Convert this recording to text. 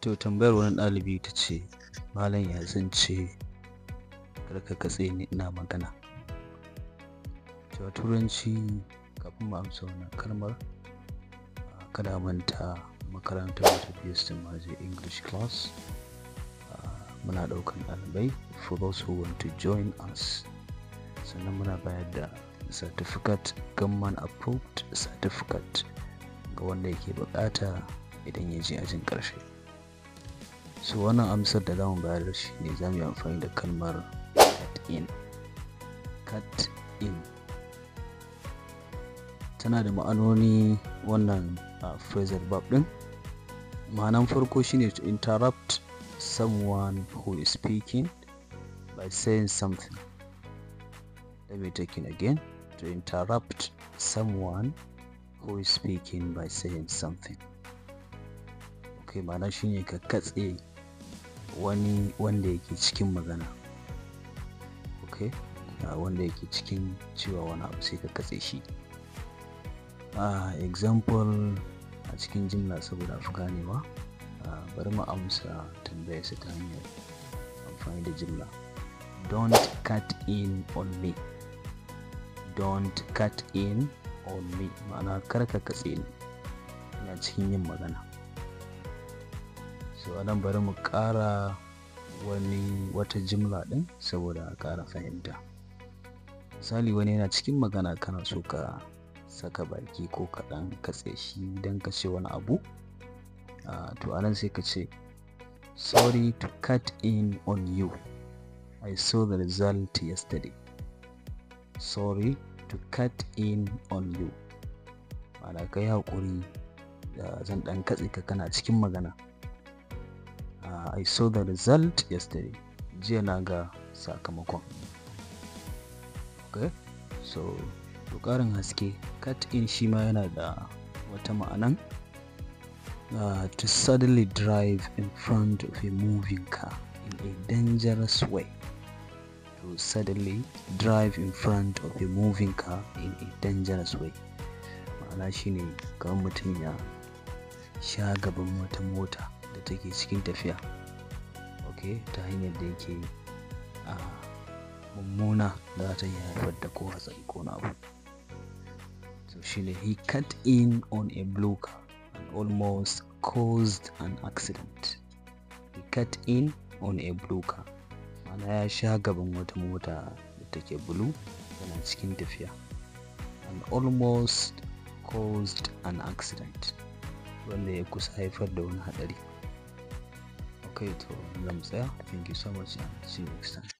To tambayar wani ɗalibi ta ce, Malam ya zance karka katse ni ina magana. To turanci kafin mu amsa wannan kalmar kada manta makarantar wata PS Maje English class muna ɗaukan ɗalibai for those who want to join us sannan muna bayar da certificate government approved certificate ga wanda yake buƙata idan ya je ajin ƙarshe. so wannan amsar da zamu bayar da shi ne za mu yi amfani da kalmar cut in cut in tana da ma'anoni wannan uh, phrasal verb din ma'anan farko shine to interrupt someone who is speaking by saying something let me take it again to interrupt someone who is speaking by saying something okay ma'ana shine ka katse wani wanda yake cikin magana ok wanda yake cikin cewa wani abu sai ka katse shi example a cikin jimla saboda afi ganewa a bari mu amsa tambayarsa ta hanyar amfani da jimla don't cut in on me don't cut in on me ma'ana kar ka katse ni ina cikin yin magana so anan bari mu ƙara wani wata jimla ɗin saboda a ƙara fahimta misali wani yana cikin magana kana so ka saka baki ko kaɗan katse shi don ka ce wani abu uh, to anan sai ka ce sorry to cut in on you i saw the result yesterday sorry to cut in on you ma'ana ka yi haƙuri da zan ɗan katse ka kana cikin magana I saw the result yesterday jiya na ga sakamakon okay so to ƙarin haske cut in shi yana da wata ma'anan uh, to suddenly drive in front of a moving car in a dangerous way to suddenly drive in front of a moving car in a dangerous way ma'ana shine kamar mutum ya sha gaban wata mota da take cikin tafiya Ok ta hanyar da yake a mummuna za ta iya haifar da ko hatsari ko na abu. So shine he cut in on a blue car and almost caused an accident. He cut in on a blue car. ya sha gaban wata mota da take blue yana cikin tafiya. And almost caused an accident. Wanda ya kusa haifar da wani haɗari. creator. Lamsaya. Thank you so much and see you next time.